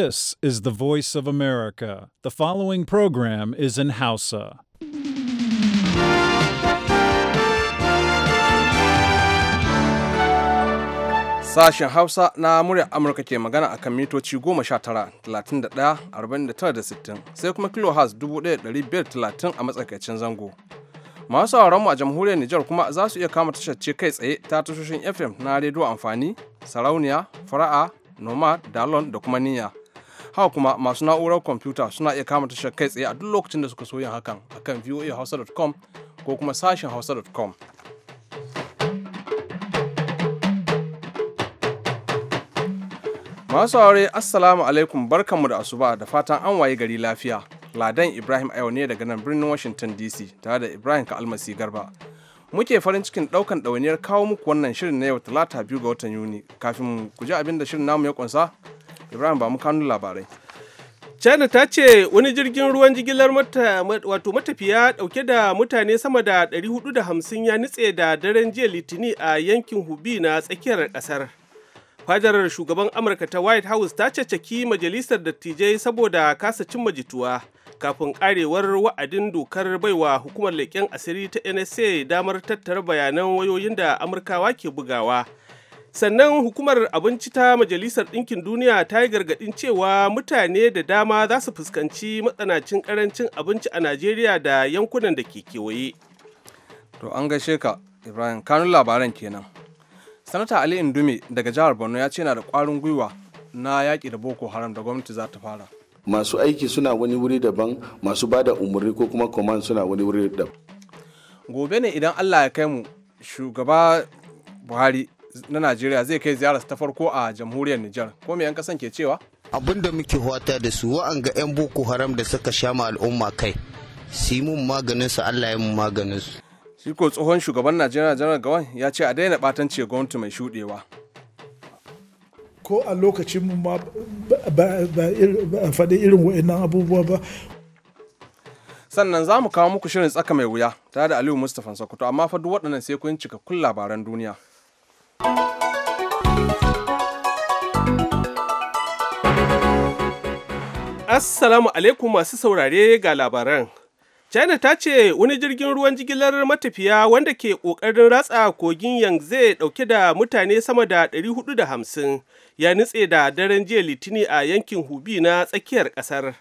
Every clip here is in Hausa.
This is the voice of America. The following program is in Hausa. Sashen Hausa na muryar Amurka ke magana a kan mitoci 19-31-49-60 sai kuma kilohertz 1530 a matsakaicin zango. Masu mu a jamhuriyar Nijar kuma za su iya kama tashar ce kai tsaye ta tashoshin FM na rediyo amfani, sarauniya, fara'a, nomad, dalon da kuma niyya. haka kuma masu na'urar kwamfuta suna iya kama tashar kai tsaye a duk lokacin da suka so yin hakan akan voahausa.com ko kuma sashen hausa.com masu aure assalamu alaikum barkanmu da asuba da fatan an waye gari lafiya ladan ibrahim ayo ne daga nan birnin washington dc tare da ibrahim ka almasi garba muke farin cikin daukan ɗawainiyar kawo muku wannan shirin na yau talata biyu ga watan yuni kafin ku ji abin da shirin namu ya kunsa ibrahim ba mu kanu labarai china ta ce wani jirgin ruwan jigilar wato matafiya dauke da mutane sama da 450 ya nitse da daren jiya litini a yankin hubi na tsakiyar kasar fadarar shugaban amurka ta white house ta ceceki majalisar dattijai saboda kasa cimma jituwa kafin karewar wa'adin dokar baiwa hukumar leƙen asiri ta nsa damar tattara bayanan wayoyin da amurkawa ke bugawa sannan hukumar abinci ta majalisar ɗinkin duniya ta yi gargaɗin cewa mutane da dama za su fuskanci matsanacin ƙarancin abinci a najeriya da yankunan da ke kewaye to an gaishe ka ibrahim kanun labaran kenan sanata ali indume daga jihar borno ya ce na da ƙwarin gwiwa na yaƙi da boko haram da gwamnati za ta fara masu aiki suna wani wuri daban masu ba da ko kuma command suna wani wuri daban gobe ne idan allah ya kai mu shugaba buhari na najeriya zai kai ziyararsa ta farko a jamhuriyar nijar ko me yan kasan ke cewa abin da muke hwata da su ga 'yan boko haram da suka sha ma al'umma kai Si mun maganin su allah ya mun maganin su shi ko tsohon shugaban najeriya janar gawan ya ce a daina ɓatance gwamnati mai shuɗewa ko a lokacin mu ma ba faɗi irin wa'annan abubuwa ba sannan za mu kawo muku shirin tsaka mai wuya tare da aliyu mustapha sokoto amma fa duk waɗannan sai kun cikakkun labaran duniya Assalamu alaikum masu saurare ga labaran. China ta ce wani jirgin ruwan jigilar matafiya wanda ke ƙoƙarin ratsa kogin Yangtze ɗauke da mutane sama da 450 ya nutse da daren jiya litini a yankin Hubi na tsakiyar ƙasar.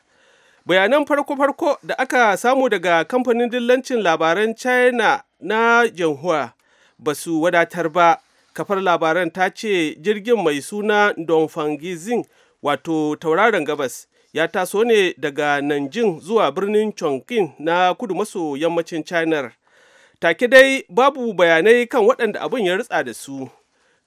Bayanan farko-farko da aka samu daga kamfanin dillancin labaran China na Yanhua ba su wadatar ba kafar labaran ta ce jirgin mai suna donfangizin wato tauraron gabas ya taso ne daga nanjin zuwa birnin chongqing na kudu maso yammacin china take dai babu bayanai kan waɗanda abin ya ritsa da su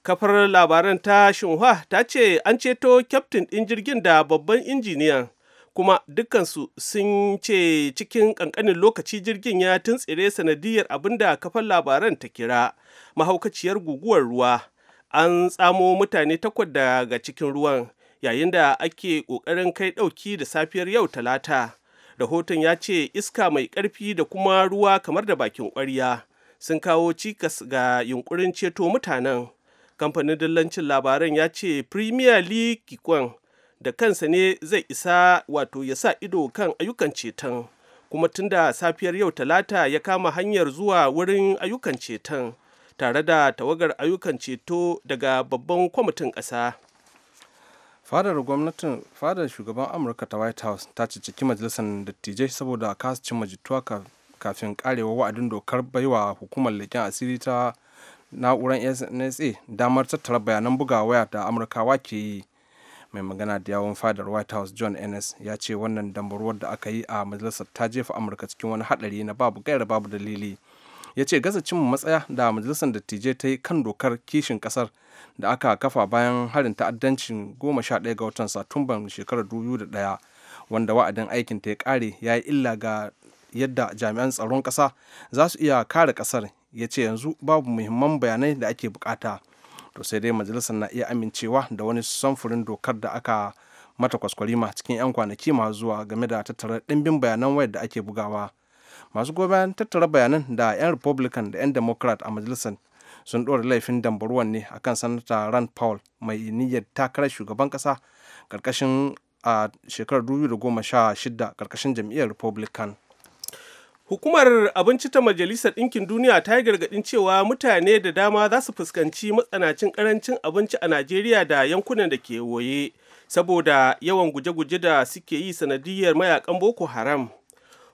kafar labaran ta shinhua ta ce an ceto kyaftin ɗin jirgin da babban injiniyan kuma dukkansu sun ce cikin ƙanƙanin lokaci jirgin ya tuntsire sanadiyar abin da kafar labaran ta kira mahaukaciyar guguwar ruwa an tsamo mutane takwas daga cikin ruwan yayin da ake ƙoƙarin kai ɗauki da safiyar yau talata rahoton ya ce iska mai ƙarfi da kuma ruwa kamar da bakin ƙwarya sun kawo cikas ga yunkurin ceto mutanen kamfanin dillancin labaran ya ce premier league kwan da kansa ne zai isa wato ya sa ido kan ayyukan ceton kuma tunda safiyar yau talata ya kama hanyar zuwa wurin ayyukan ceton tare da tawagar ayyukan ceto daga babban kwamitin ƙasa. fadar gwamnatin fadar shugaban amurka ta white house ta ciciki majalisar dattijai saboda kasa cin majituwa kafin karewa wa'adin dokar baiwa hukumar leƙen asiri ta na'urar nsa damar tattara bayanan buga waya da amurkawa ke yi mai magana da yawon fadar white house john ennis ya ce wannan dambarwar da aka yi a majalisar ta jefa amurka cikin wani hadari na babu gaira babu dalili ya ce gaza cin matsaya da majalisar dattijai ta yi kan dokar kishin kasar da aka kafa bayan harin ta'addancin 11 ga watan satumban shekarar 2001 wanda wa'adin aikin ta ya kare ya yi illa ga yadda jami'an tsaron kasa za su iya kare kasar ya ce yanzu babu muhimman bayanai da ake bukata to sai dai majalisar na iya amincewa da wani samfurin dokar da aka mata kwaskwarima cikin 'yan kwanaki masu zuwa game da tattara ɗimbin bayanan wayar da ake bugawa masu goyon tattara bayanan da 'yan republican da 'yan democrat a majalisar sun ɗora laifin dambaruwan ne a kan sanata rand paul mai niyyar takarar shugaban ƙasa ƙarƙashin a shekarar 2016 ƙarƙashin jam'iyyar republican Hukumar Abinci ta Majalisar Ɗinkin Duniya ta yi gargaɗin cewa mutane da dama za su fuskanci matsanacin ƙarancin abinci a Najeriya da yankunan da ke woye saboda yawan guje-guje da suke yi sanadiyar mayakan Boko Haram.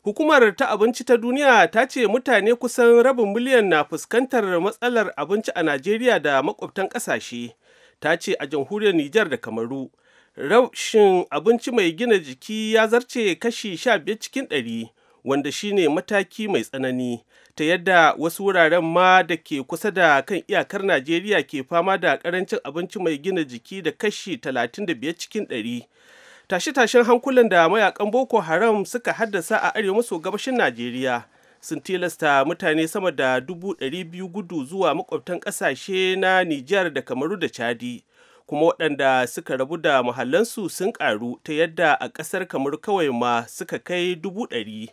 Hukumar ta abinci ta duniya ta ce mutane kusan rabin miliyan na fuskantar matsalar abinci a Najeriya da makwabtan ƙasashe. Ta ce a jamhuriyar Nijar da Kamaru. Rashin abinci mai gina jiki ya zarce kashi sha biyar cikin ɗari, wanda shine mataki mai tsanani, ta yadda wasu wuraren ma da ke kusa da kan iyakar Najeriya ke fama da karancin abinci mai gina jiki da kashi talatin da biyar cikin ɗari. tashe-tashen hankulan da mayakan boko haram suka haddasa a arewa maso gabashin najeriya sun tilasta mutane sama da dubu biyu gudu zuwa makwabtan ƙasashe na nijar da kamaru da chadi kuma waɗanda suka rabu da muhallansu sun ƙaru ta yadda a ƙasar kamaru kawai ma suka kai dubu ɗari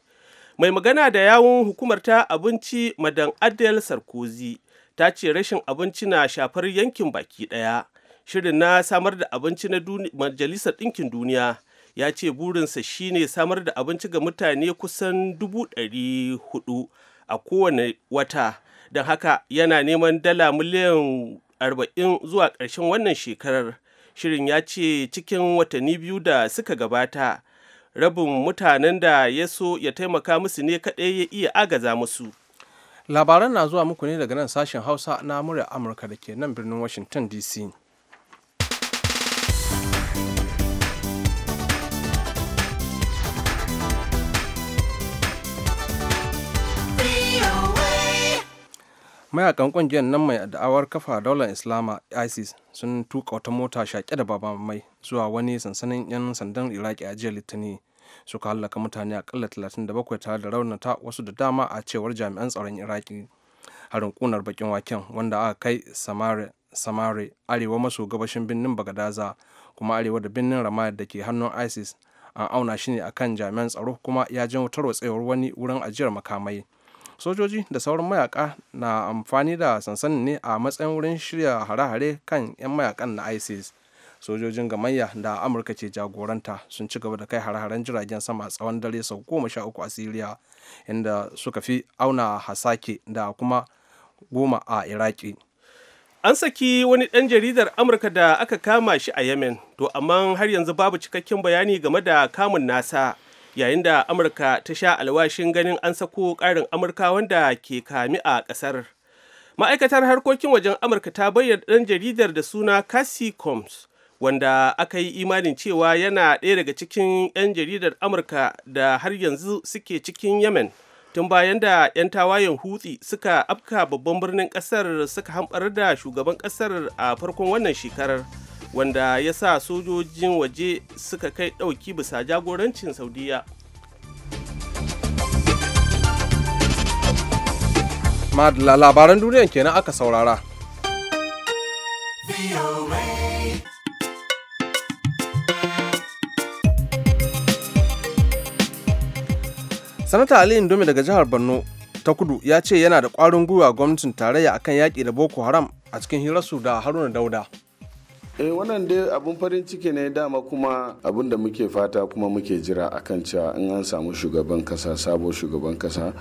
mai magana da yawun hukumar ta abinci madan adel sarkozy ta ce rashin abinci na shafar yankin baki ɗaya shirin na samar da abinci na majalisar ɗinkin duniya ya ce burinsa shine samar da abinci ga mutane kusan dubu ɗari hudu a kowane wata don haka yana neman dala miliyan arba'in zuwa ƙarshen wannan shekarar shirin ya ce cikin watanni biyu da suka gabata rabin mutanen da ya so ya taimaka musu ne kaɗai ya iya agaza musu labaran na zuwa muku ne daga nan sashen hausa na murya amurka da ke nan birnin washington dc mayakan kungiyar nan mai da'awar kafa daular islama isis sun tuka wata mota shaƙe da mai zuwa wani sansanin 'yan sandan iraki a jiya litinin suka hallaka mutane akalla 37 tare da raunata wasu da dama a cewar jami'an tsaron iraki harin kunar bakin waken wanda aka kai samare arewa maso gabashin birnin bagadaza kuma arewa da birnin ramayar da ke hannun isis an auna shi ne akan jami'an tsaro kuma ya janyo tarwatsewar wani wurin ajiyar makamai sojoji da sauran mayaka na amfani da sansanin ne a matsayin wurin shirya hare-hare kan 'yan mayakan na isis sojojin gamayya da amurka ce jagoranta sun ci gaba da kai hare-haren jiragen sama tsawon dare sau goma sha uku a siriya inda suka fi auna hasake da kuma goma a iraki an saki wani ɗan jaridar amurka da aka kama shi a yemen to amma har yanzu babu cikakken bayani game da kamun nasa yayin da amurka ta sha alwashin ganin an sako ƙarin amurka wanda ke kami a ƙasar ma'aikatar harkokin wajen amurka ta bayyana ɗan jaridar da suna cassie combs wanda aka yi imanin cewa yana ɗaya daga cikin 'yan jaridar amurka da har yanzu suke cikin yemen tun bayan da 'yan tawayen hutsi suka afka babban birnin ƙasar suka hamɓar da shugaban ƙasar a farkon wannan shekarar wanda ya sa sojojin waje suka kai ɗauki bisa jagorancin saudiya madala labaran duniyan kenan aka saurara sanata ali indomi daga jihar borno ta kudu ya ce yana da kwarin gwiwa gwamnatin tarayya akan yaƙi da boko haram a cikin hirarsu da haruna dauda eh wannan dai abun farin ciki ne dama kuma abun da muke fata kuma muke jira a kan cewa in an samu shugaban kasa sabo shugaban kasa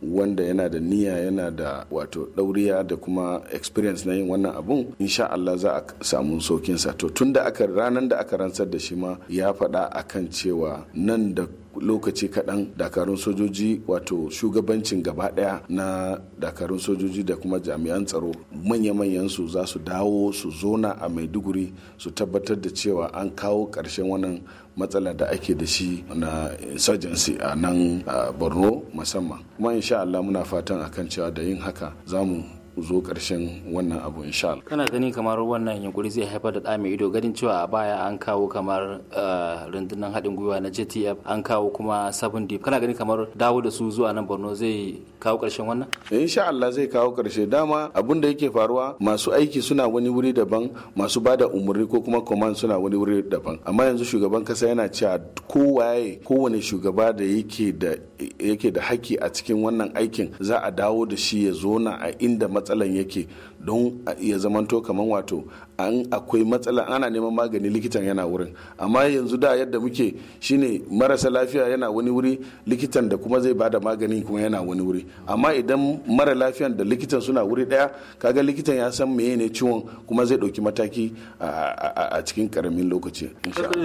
wanda yana da niyya yana da wato dauriya da kuma experience na yin wannan abun insha Allah za a samu saukinsa to tunda da aka ranar da aka rantsar da shi ma ya faɗa akan cewa nan da lokaci kaɗan dakarun sojoji wato shugabancin gaba ɗaya na dakarun sojoji da kuma jami'an tsaro manya-manyan su za su dawo su zona a maiduguri su tabbatar da cewa an kawo ƙarshen wannan matsala da ake da shi na insurgency a nan borno musamman kuma insha'allah muna fatan akan cewa da yin haka za mu zo ƙarshen wannan abu insha Allah. Kana gani kamar wannan yunkuri zai haifar da ɗame ido ganin cewa a baya an kawo kamar eh, rundunar haɗin gwiwa na JTF an kawo kuma 7D. Kana gani kamar dawo da su zuwa nan Borno zai kawo ƙarshen wannan? Eh, insha Allah zai kawo ƙarshe dama abin da yake faruwa masu aiki suna wani wuri daban masu ba da umarni ko kuma command suna wani wuri daban amma yanzu shugaban kasa yana cewa kowaye kowane shugaba da yake da yake da haki a cikin wannan aikin za a dawo da shi ya zo na a inda matsalan yake don ya zamanto kamar wato an akwai matsala ana neman magani likitan yana wurin amma yanzu da yadda muke shine marasa lafiya yana wani wuri likitan da kuma zai bada magani kuma yana wani wuri amma idan mara lafiyan da likitan suna wuri daya kaga likitan ya san meye ne ciwon kuma zai dauki mataki a cikin karamin lokaci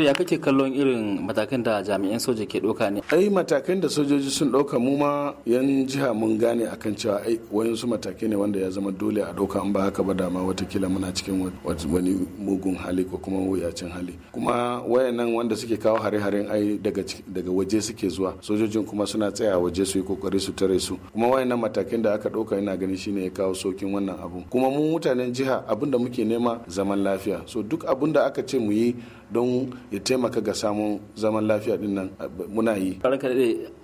ya kake kallon irin matakan da jami'an soja ke doka ne ai matakan da sojoji sun doka mu ma yan jiha mun gane akan cewa ai wayansu matakai ne wanda ya zama dole a doka an ba haka ba dama watakila muna cikin wani mugun hali ko kuma wuyacin hali kuma wayannan wanda suke kawo hare-haren ai daga waje suke zuwa sojojin kuma suna tsaya waje su yi kokari su tare su kuma wayannan matakin da aka ɗauka ina ganin shine ya kawo sokin wannan abu kuma mu mutanen jiha abinda muke nema zaman lafiya so duk abun da aka ce mu yi don ya taimaka ga samun zaman lafiya dinnan nan muna yi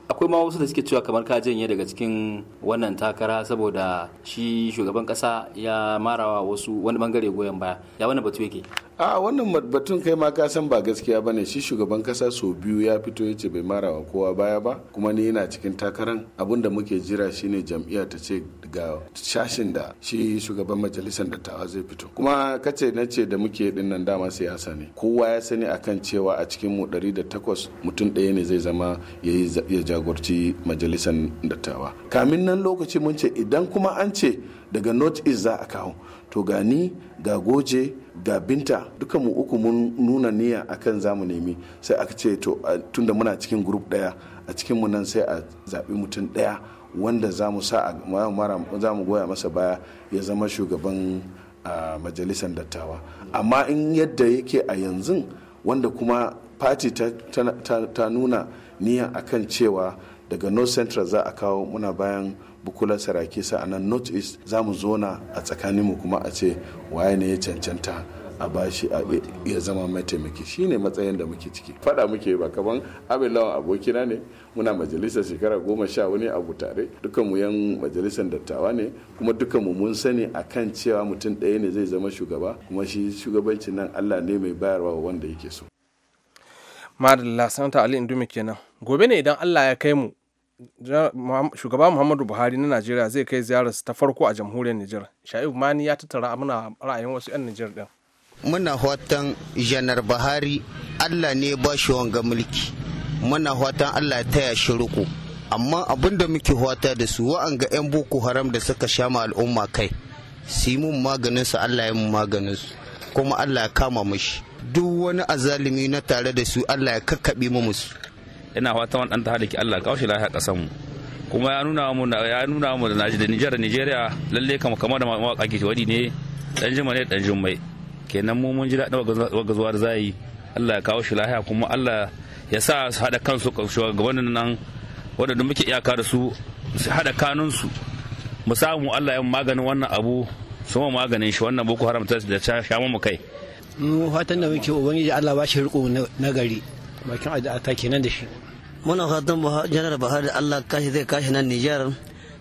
akwai ma wasu da suke cewa kamar ka janye daga cikin wannan takara saboda shi shugaban kasa ya marawa wasu wani bangare goyon baya ya wani batu yake a wannan batun kai ma kasan ba gaskiya bane shi shugaban kasa sau biyu ya fito ya ce bai marawa kowa baya ba kuma ni yana cikin takaran abun da muke jira shine jam'iyya ta ce ga shashin da shi shugaban majalisar dattawa zai fito kuma kace na ce da muke din nan dama siyasa ne kowa ya sani akan cewa a cikin mu 108 mutum ɗaya ne zai zama ya jagorci majalisar dattawa kamin nan lokaci mun ce idan kuma an ce daga north east za a kawo to gani ga goje ga binta duka mu uku mun nuna niyya akan zamu nemi sai aka ce to tunda muna cikin group daya a cikin mu nan sai a zaɓi mutum daya wanda za mu goya masa baya ya zama shugaban majalisar dattawa amma in yadda yake a yanzu wanda kuma fati ta nuna a kan cewa daga north central za a kawo muna bayan bukular sarakisa a nan north east za mu zona a tsakaninmu kuma a ce waye ne ya cancanta a bashi ya zama mataimaki shine matsayin da muke ciki fada muke ba kaman abin lawan abokina ne muna majalisar shekara goma sha wani abu tare dukan mu yan majalisar dattawa ne kuma dukan mu mun sani kan cewa mutum ɗaya ne zai zama shugaba kuma shi shugabancin nan Allah ne mai bayarwa wanda yake so madalla sanata ali indumi kenan gobe ne idan Allah ya kai mu shugaba muhammadu buhari na najeriya zai kai ziyararsa ta farko a jamhuriyar nijar sha'ibu mani ya tattara amina ra'ayin wasu 'yan niger din muna fatan janar bahari allah ne ba shi wanga mulki muna fatan allah ya taya shi riko amma abin da muke fata da su wa'anga 'yan boko haram da suka sha ma al'umma kai su yi mun maganin su allah ya mun maganin su kuma allah ya kama mushi duk wani azalimi na tare da su allah ya kakkaɓe mu musu ina fatan wannan ta halaki allah kawo shi lafiya ƙasar mu kuma ya nuna mu ya nuna mu da Najeriya Nigeria lalle kama kamar da mawaka ke wani ne dan jima ne dan jummai kenan mu mun ji daɗin wagazuwar za yi allah ya kawo shi lahiya kuma allah ya sa su haɗa kansu shugaban nan waɗanda muke iyaka da su su haɗa kanunsu mu samu allah ya maganin wannan abu su ma maganin shi wannan boko haram ta da sha mu kai mu fatan da muke ubangiji allah ba shi riko na gari bakin addu'a ta kenan da shi muna fatan janar bahari allah kashi zai kashi nan Niger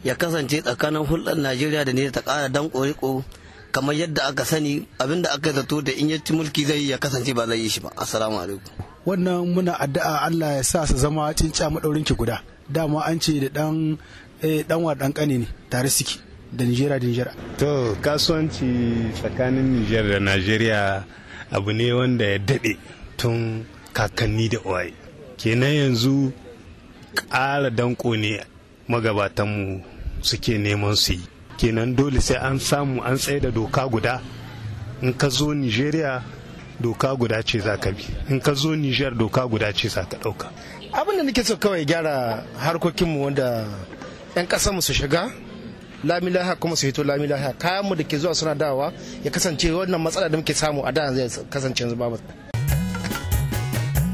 ya kasance tsakanin hulɗar najeriya da ne ta ƙara danƙo riko kamar yadda aka sani abinda aka zato da in yaci mulki zai yi ya kasance ba zai yi shi ba assalamu alaikum wannan muna addu'a Allah ya sa su zama cinca madaurin ki guda dama an ce da dan dan eh, wa dan kane ne tare siki da Nigeria da Nigeria to kasuwanci tsakanin Niger da Nigeria abu ne wanda ya dade tun kakanni da uwaye kenan yanzu ƙara danko ne magabatanmu suke neman su yi kenan dole sai an samu an tsaye da doka guda in ka zo nigeria doka guda ce za ka bi in ka zo niger doka guda ce za ka ɗauka abin da nake so kawai gyara harkokinmu wanda 'yan ƙasarmu su shiga lamilaha kuma su hito lamilaha kayan mu da ke zuwa suna dawa ya kasance wannan matsala da muke samu a da zai kasance yanzu babu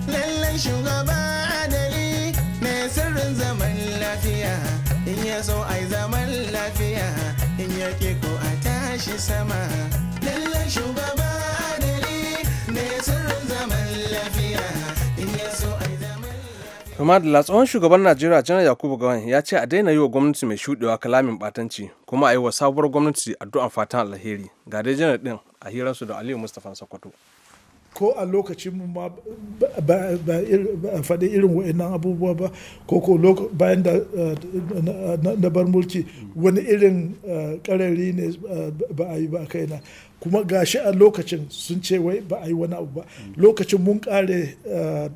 lallai shugaba shi sama lallan shugaba adali ne sirrin zaman lafiya in ya so a kuma da tsohon shugaban najeriya janar yakubu gawan ya ce a daina yi wa gwamnati mai shudewa kalamin batanci kuma a yi wa sabuwar gwamnati addu'an fatan alheri ga dai janar din a hirarsu da aliyu mustapha sokoto ko a lokacin mu ma ba faɗi irin wa'annan abubuwa ba ko ko bayan da na bar mulki wani irin eh, ƙarari ne eh, ba a yi ba kaina kuma gashi a lokacin sun ce wai ba a yi wani abu ba lokacin mun kare eh,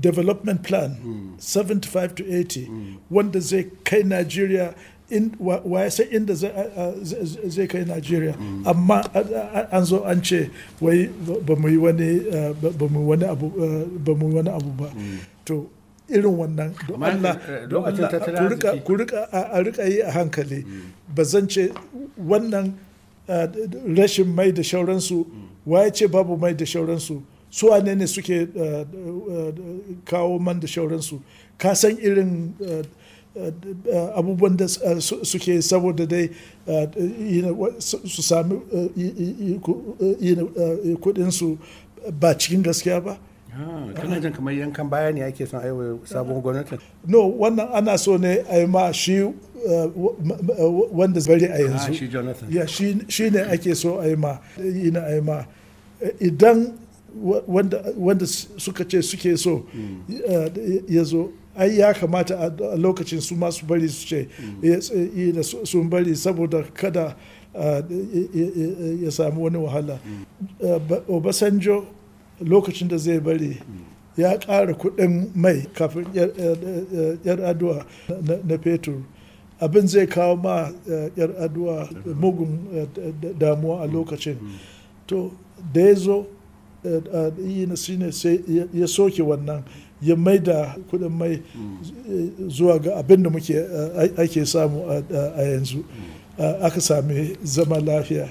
development plan 75 hmm. to 80 wanda zai kai nigeria wa sai inda zai kai nigeria. amma an zo an ce wai ba mu yi wani abu ba to irin wannan don Allah ku rika yi a hankali ba zan ce wannan rashin mai da shauransu waye ce babu mai da shauransu su ne ne suke kawo man da shauransu ka san irin abubuwan da eh, suke saboda dai eh, su sami eh, su ba cikin gaskiya ba ah, kana jin kamar yankan baya ne ake son aiwa sabon gwamnatin no wannan ana so ne a yi ma shi wanda bari a ah, yanzu shi ne ake so a yi ma idan wanda suka ce suke so hmm. ya zo ai ya kamata a lokacin su masu bari su ce mm. eh, sun bari saboda kada ya samu wani wahala mm. eh, obasanjo lokacin da zai bari mm. ya ƙara kuɗin mai kafin yar aduwa na fetur abin zai kawo ma eh, yar aduwa mugun damuwa a lokacin to da ya zo yi na sai ya soke wannan ya mai da kudin mai zuwa ga abin da muke eh, ake samu a yanzu eh, aka sami zama lafiya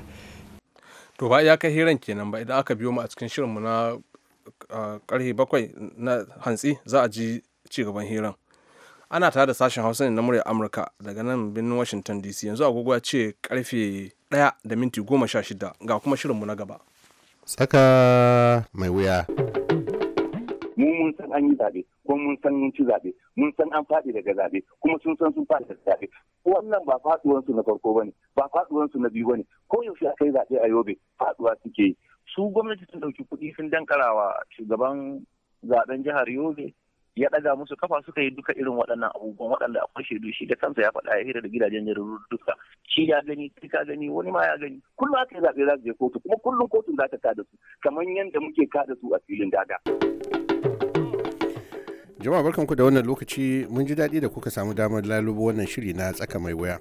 to ba ya kai hiran kenan ba idan aka biyo mu a cikin shirinmu na karfe eh, bakwai na hantsi za a ji cigaban hiran ana tare da sashen hausa ne na murya amurka daga nan birnin washington dc yanzu agogo ya ce karfe 1 da minti 16 ga kuma shirin mu na gaba tsaka mai wuya mu mun san an yi zaɓe ko mun san mun ci zaɓe mun san an faɗi daga zaɓe kuma sun san sun faɗi daga zaɓe wannan ba faɗuwansu na farko bane ba faɗuwansu na biyu bane ko yaushe aka yi zaɓe a yobe faɗuwa suke yi su gwamnati sun ɗauki kuɗi sun dankarawa shugaban zaɓen jihar yobe ya ɗaga musu kafa suka yi duka irin waɗannan abubuwan waɗanda akwai shaidu shi da kansa ya faɗa ya hira da gidajen jaridun duka shi ya gani kai ka gani wani ma ya gani kullum aka yi zaɓe za su je kotu kuma kullum kotu za ta kada su kamar yadda muke kada su a filin daga. jama'a barkan ku da wannan lokaci mun ji daɗi da kuka samu damar lalubo wannan shiri na tsaka mai waya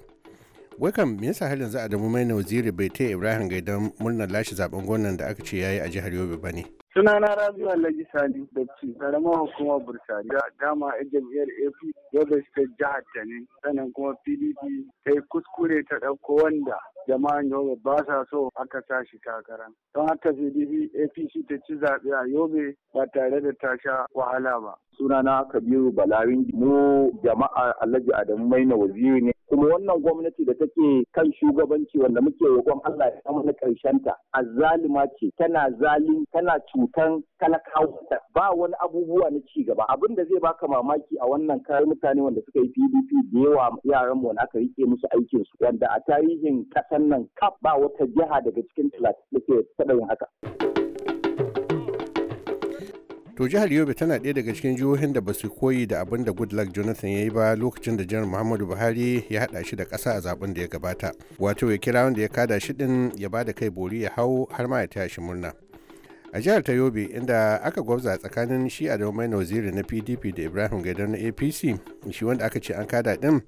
wai kam me yasa za a adamu mai na waziri bai taya ibrahim gaidan murnar lashe zaben gwamnan da aka ce ya yi a jihar yobe ba ne sunana Rabi alhaji sani dabci karamar hukumar bursari da dama a jam'iyyar ap yobe state jihar ta ne sannan kuma pdp ta yi kuskure ta ɗauko wanda jama'an yobe ba sa so aka tashi takara don haka cdp apc ta ci zaɓe a yobe ba tare da tasha wahala ba sunana kabiru balawin mu jama'a alhaji adamu maina waziri ne kuma wannan gwamnati da take kan shugabanci wanda muke roƙon Allah ya samu na ta zalima ce tana zalin tana cutan talakawa ba wani abubuwa na ci gaba abin da zai baka mamaki a wannan kayan mutane wanda suka yi PDP da yawa yaran mu aka rike musu aikin su wanda a tarihin ƙasa ƙasan nan kaf ba wata jiha daga cikin talatin da ke taɓa yin haka. to jihar yobe tana ɗaya daga cikin jihohin da ba su koyi da abin da goodluck jonathan ya yi ba lokacin da janar muhammadu buhari ya haɗa shi da ƙasa a zaben da ya gabata wato ya kira wanda ya kada shi ɗin ya ba da kai bori ya hau har ma ya taya shi murna a jihar ta yobe inda aka gwabza tsakanin shi a da mai na pdp da ibrahim gaidar na apc shi wanda aka ce an kada ɗin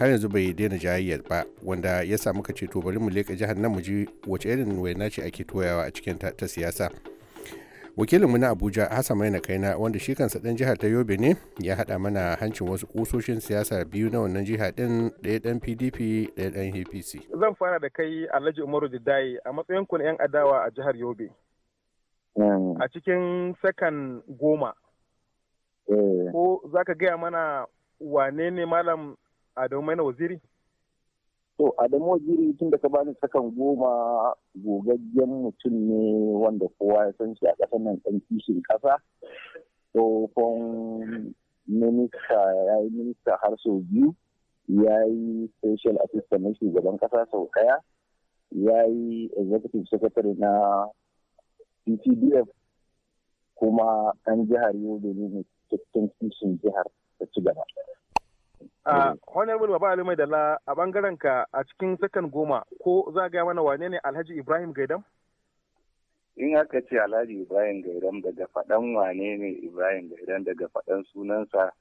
har yanzu bai daina jayayyar ba wanda ya samu muka ce to bari mu leka jihar nan mu ji wace irin waina ce ake toyawa a cikin ta siyasa wakilinmu na abuja hassan maina kaina wanda shi kansa dan jihar ta yobe ne ya haɗa mana hancin wasu kusoshin siyasa biyu na wannan jiha ɗin ɗaya ɗan pdp ɗaya ɗan apc zan fara da kai alhaji umaru didaye a matsayin ku na yan adawa a jihar yobe mm. a cikin sakan goma eh. ko za ka gaya mana wane ne malam Adamu Maina Waziri? To Adamu Waziri tun da ka bani sakan goma gogaggen mutum ne wanda kowa ya san shi a ƙasar nan ɗan kishin ƙasa. Tsofon minista ya yi minista har sau biyu, ya yi special assistant na shugaban ƙasa sau ɗaya, ya yi executive secretary na PTDF kuma ɗan jihar Yobe ne cikin kishin jihar ta ci gaba. A mm. honorable baba alimai da dala a bangaren ka a cikin sakan goma ko za ga mana wane ne alhaji ibrahim gaidam in aka ce alhaji ibrahim gaidam daga faɗan wane ne ibrahim gaidam daga faɗan sunansa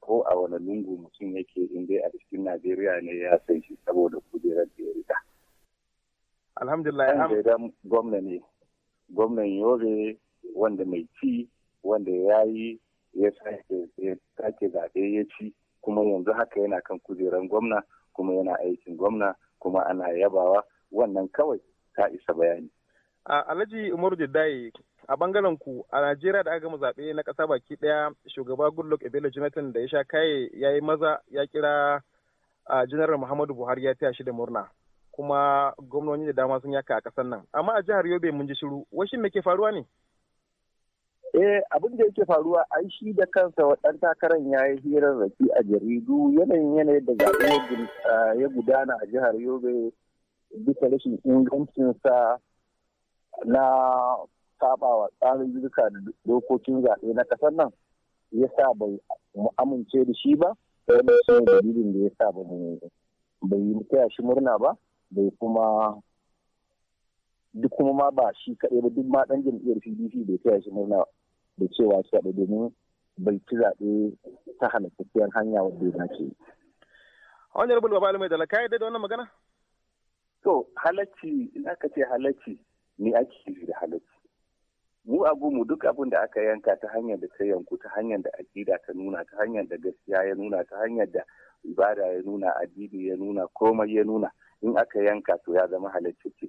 ko a wani lungu mutum yake in dai a cikin najeriya ne ya san shi saboda kujerar da ya rika alhamdulillah ibrahim gwamna ne gwamnan yobe wanda mai ci wanda ya yi ya sake zaɓe ya ci kuma yanzu haka yana kan kujeran gwamna kuma yana aikin gwamna kuma ana yabawa wannan kawai ta isa bayani. A Alhaji Umaru Jidai a bangaren ku a Najeriya da aka gama zaɓe na ƙasa baki ɗaya shugaba Goodluck Ebele Jonathan da ya sha kaye ya yi maza ya kira a General Muhammadu Buhari ya taya shi da murna kuma gwamnoni da dama sun yaka a ƙasar nan amma a jihar Yobe mun ji shiru washin me ke faruwa ne? Eh abin da yake faruwa an shi da kansa ɗan takarar ya yi hirar raki a jaridu yanayin yanayin da zaɓe ya gudana a jihar Yobe bisa rashin ingancinsa na sabawa tsarin jirka da dokokin zaɓe na ƙasar nan ya sa bai amince da shi ba mai shi dalilin da ya sa ba bai yi mutaya shi murna ba bai kuma duk kuma ma ba shi kaɗai ba duk ma ɗan jam'iyyar pdp bai taya shi murna ba da cewa shi da domin bai ci zaɓe ta halittacciyar hanya wadda ya dace. rubul ba Alimai Dala, ka yadda da wannan magana? To, halacci, in aka ce halacci, ni ake yi da halacci. Mu abu mu duk abin da aka yanka ta hanyar da ta yanku, ta hanyar da aƙida ta nuna, ta hanyar da gaskiya ya nuna, ta hanyar da ibada ya nuna, addini ya nuna, komai ya nuna, in aka yanka to ya zama halacci ce.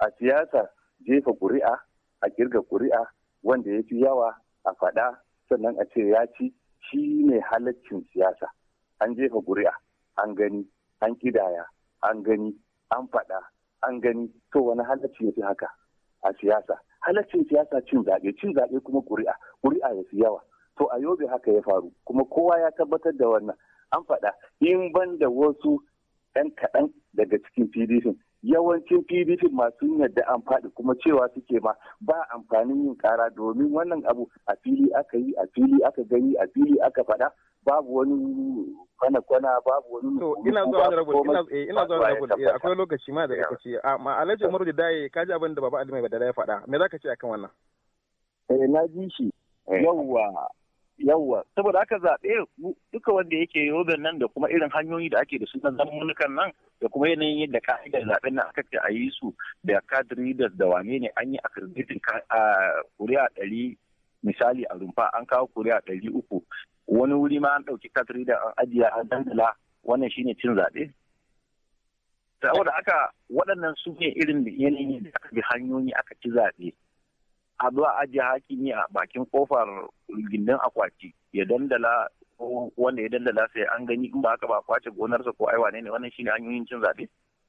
A siyasa jefa ƙuri'a, a kirga ƙuri'a, wanda ya fi yawa a faɗa sannan a ce ya ci shi ne halaccin siyasa an jefa guri'a an gani an kidaya an gani an faɗa an gani to wani halacci ya fi haka a siyasa halaccin siyasa cin zaɓe cin zaɓe kuma ƙuri'a ƙuri'a ya fi yawa to a yobe haka ya faru kuma kowa ya tabbatar da wannan an faɗa in ban da wasu 'yan kaɗan daga cikin pdp yawancin pdp masu yadda an faɗi kuma cewa suke ma ba amfanin yin kara domin wannan abu a fili aka yi a fili aka gani a fili aka faɗa babu wani kwana-kwana babu wani to ina zuwa wani rabu eh, ina zuwa da rabu eh, akwai lokaci ma da ce amma ah, alhaji umaru da daye ka ji abin da baba ali mai badala ya faɗa me za ka ce akan wannan eh na ji shi eh. yawwa yawwa saboda aka zaɓe duka wanda yake yoben nan da kuma irin hanyoyi da ake da su na manukan nan da kuma yanayin yadda ka'idar zaɓen nan aka ce a yi su da kadiri da da wane ne an yi kirgitin kuri'a ɗari misali a rumfa an kawo kuri'a ɗari uku wani wuri ma an ɗauki kadiri da an ajiye an dandala wannan shine cin zaɓe saboda haka waɗannan su ne irin da yanayin da aka bi hanyoyi aka ci zaɓe a a ajiye hakimi a bakin kofar gindin akwati ya dandala ko wanda ya dandala sai an gani in ba haka ba kwace gonarsa ko aiwa ne wannan shine hanyoyin cin zaɓe.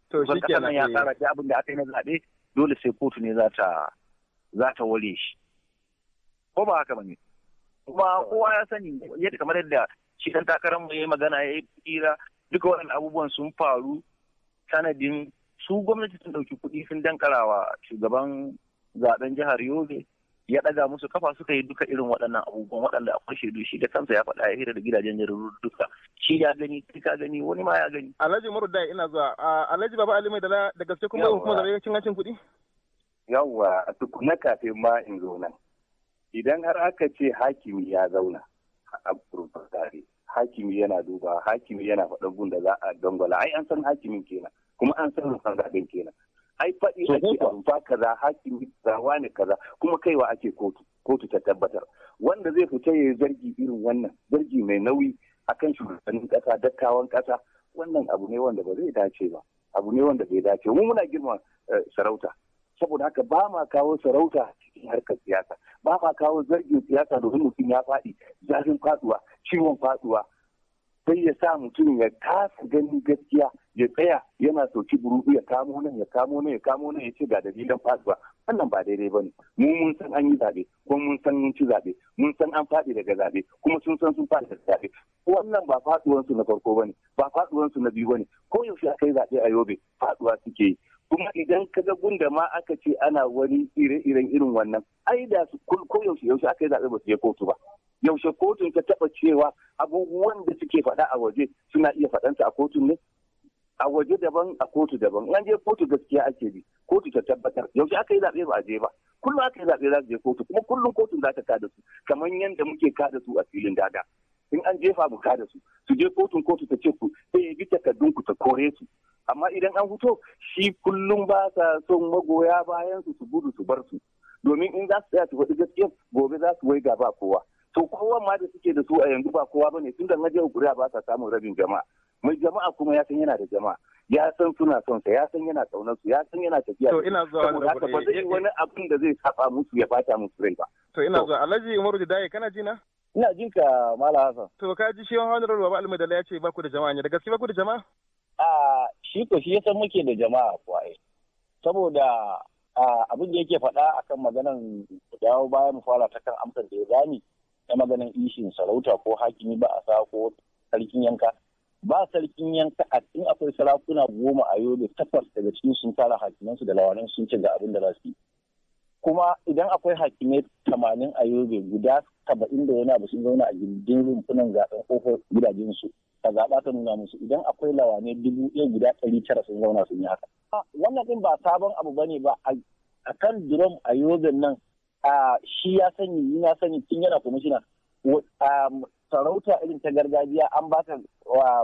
To shi ya tsara eh. da abin da aka yi na zaɓe dole sai kotu ne za ta za ware shi. Ko ba haka bane. Kuma kowa ya sani yadda kamar yadda shi dan takarar mu ya yi magana ya yi tsira duka waɗannan abubuwan sun faru sanadin su gwamnati sun ɗauki kuɗi sun dankarawa shugaban zaben jihar Yobe ya ɗaga musu kafa suka yi duka irin waɗannan abubuwan waɗanda akwai shaidu shi da kansa ya faɗa ya hira da gidajen jaridun duka shi ya gani shi ka gani wani ma ya gani Alhaji Umaru dai ina zuwa Alhaji Baba Ali mai da da gaske kuma kuma zaɓe cin hancin kuɗi yawwa tukuna kafin ma in zo nan idan har aka ce hakimi ya zauna a tare hakimi yana duba hakimi yana faɗan gun da za a dangwala ai an san hakimin kenan kuma an san rufan zaɓen kenan ai faɗi ake amfa kaza hakimi rawa ne kaza kuma kaiwa ake kotu kotu ta tabbatar wanda zai fita ya zargi irin wannan zargi mai nauyi akan shugabannin kasa dattawan kasa wannan abu ne wanda ba zai dace ba abu ne wanda bai dace mu muna girma eh, sarauta saboda haka ba ma kawo sarauta cikin harkar siyasa ba ma kawo zargin siyasa domin mutum ya faɗi zafin faɗuwa, ciwon faɗuwa. sai ya sa mutum ya kasa gani gaskiya ya tsaya yana sauki burudu ya kamo nan ya kamo nan ya kamo nan ya ce ga dalilan faduwa wannan ba daidai bane mu mun san an yi zabe ko mun san mun ci zabe mun san an faɗi daga zaɓe kuma sun san sun faɗi daga zabe wannan ba faduwan na farko bane ba faduwan na biyu bane ko yaushe aka yi zabe a yobe faduwa suke yi kuma idan ka ga gunda ma aka ce ana wani ire-iren irin wannan ai da su ko yaushe yaushe aka yi zaɓe ba su je kotu ba yaushe kotun ta taɓa cewa abubuwan da suke faɗa a waje suna iya faɗansa a kotun ne a waje daban a kotu daban an je kotu gaskiya ake bi kotu ta tabbatar yaushe aka yi zaɓe ba a je ba kullum aka yi zaɓe za su je kotu kuma kullum kotun za ta kada su kamar yadda muke kada su a filin dada in an jefa buka da su su je kotun kotu ta ce ku sai ya bi takardun ku ta kore su amma idan an fito shi kullum ba sa son magoya bayan su su gudu su bar su domin in za su tsaya su faɗi gaskiya gobe za su waiga ba kowa to kowa ma da suke da su a yanzu ba kowa bane tun da je guri ba sa samun rabin jama'a mai jama'a kuma ya san yana da jama'a ya san suna son sa ya san yana kaunar su ya san yana tafiya to ina zuwa abu ba zai wani abin da zai saba musu ya bata musu rai ba to ina zuwa Alhaji Umaru dai kana ji na Ina jin ka Mala Hassan. To ka ji shi honorable Baba dala ya ce ba ku da jama'a ne da gaske ba ku da jama'a? A shi ko shi muke da jama'a kwaye. Eh. Saboda abin da yake faɗa akan maganan dawo bayan mu fara ta kan amsar da ya gani na maganan ishin sarauta ko hakimi ba a sa ko sarkin yanka. Ba sarkin yanka a cikin akwai sarakuna goma a yau da takwas daga cikin sun tara hakimansu da lawanin sun ci ga abin da za su yi. kuma idan akwai hakimai tamanin a yobe guda saba'in da wani abu sun zauna a gindin rumfunan zaɓen kofar gidajensu ka zaɓa ta nuna musu idan akwai lawane dubu ɗaya guda ɗari tara sun zauna sun yi haka. wannan ɗin ba sabon abu bane ba a kan drum a yogan nan shi ya sani yi na sani tun yana kwamishina sarauta irin ta gargajiya an ba ta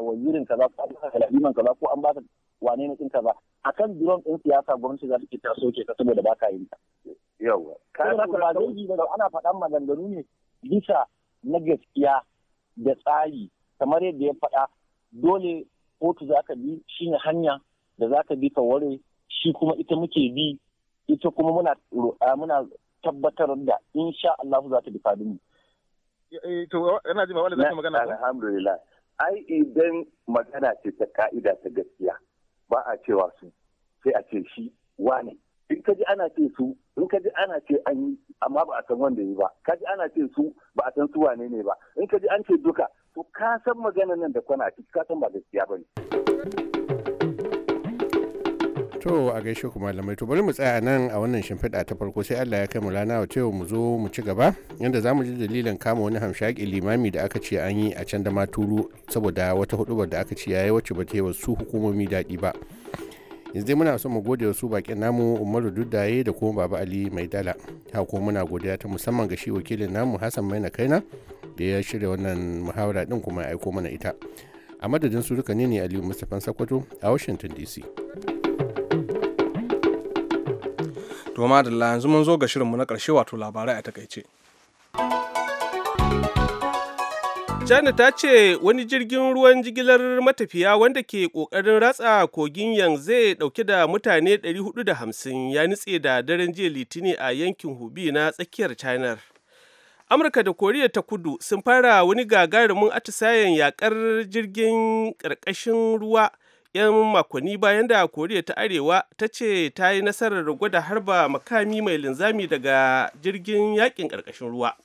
wazirin kaza ko an ba ta kalabiman kaza ko an ba ta wane ne ɗin kaza kan drum ɗin siyasa gwamnati za ta ke ta soke ta saboda ba ka yin ta. Yawwa. ka ba zai yi ba ana faɗan maganganu ne bisa na gaskiya da tsari kamar yadda ya faɗa dole kotu za ka bi shine hanya da za ka bi ka ware shi kuma ita muke bi ita kuma muna muna tabbatar da insha Allah za ta bi fadin mu eh, eh, to yana ji magana alhamdulillah ai idan magana ce ta ka'ida ta gaskiya ba a cewa su sai a ce shi wane in ka ji ana ce su in ka ji ana ce an yi amma ba a san wanda yi ba ka ji ana ce su ba a san su wane ne ba in ka ji an ce duka to ka san maganar nan da kwana ciki ka san ba gaskiya ba ne. To a gaishe ku malamai to bari mu tsaya nan a wannan shimfiɗa ta farko sai Allah ya kai mu rana wa yau mu zo mu ci gaba yadda za mu ji dalilin kama wani hamshaki limami da aka ce an yi a can da maturu saboda wata hudubar da aka ce yayi wacce ba ta yi wasu hukumomi daɗi ba. yanzu dai muna son mu gode su bakin namu umaru duddaye da kuma baba ali mai dala haka ko muna godiya ta musamman ga shi wakilin namu hassan maina kaina da ya shirya wannan muhawara din kuma ya aiko mana ita a madadin su duka ne ne aliyu mustapha sakwato a washington dc to madalla yanzu mun zo ga shirinmu na karshe wato labarai a takaice China ta ce wani jirgin ruwan jigilar matafiya wanda ke ƙoƙarin ratsa kogin Yangtze ɗauke da mutane 450 ya nutse da daren jiya Litini a yankin Hubi na tsakiyar China. Amurka da Koriya ta Kudu sun fara wani gagarumin atisayen yakar jirgin ƙarƙashin ruwa 'yan makonni bayan da Koriya ta Arewa ta ce ta yi nasarar gwada harba makami mai linzami daga jirgin yakin ƙarƙashin ruwa.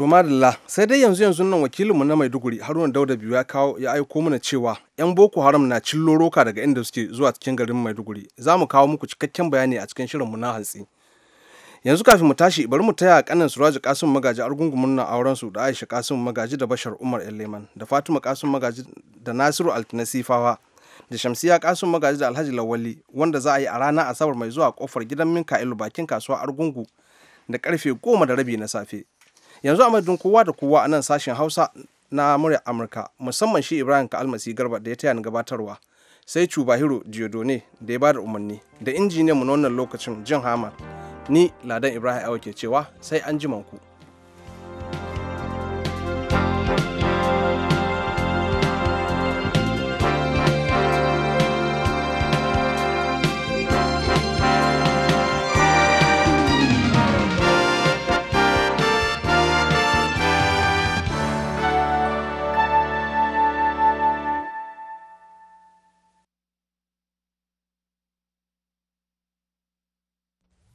To madalla sai dai yanzu yanzu nan wakilinmu na Maiduguri Haruna Dauda biyu ya kawo ya aiko mana cewa yan Boko Haram na cillo roka daga inda suke zuwa cikin garin Maiduguri. Za mu kawo muku cikakken bayani a cikin shirinmu na hantsi. Yanzu kafin mu tashi bari mu taya kanan Suraji Kasim Magaji argungumun na auren su da Aisha Kasim Magaji da Bashar Umar Leman da Fatima Kasim Magaji da Nasiru Altinasifawa da Shamsiya Kasim Magaji da Alhaji Lawali wanda za a yi a ranar Asabar mai zuwa kofar gidan Ilu bakin kasuwa Argungu da karfe goma da rabi na safe. yanzu a madadin kowa da kowa a nan sashen hausa na murya amurka musamman shi ibrahim almasi garba da ya taya ni gabatarwa sai cubahiro diodone da ya ba da umarni da injiniyan mu na wannan lokacin jin hama ni ladan ibrahim awa ke cewa sai an ku.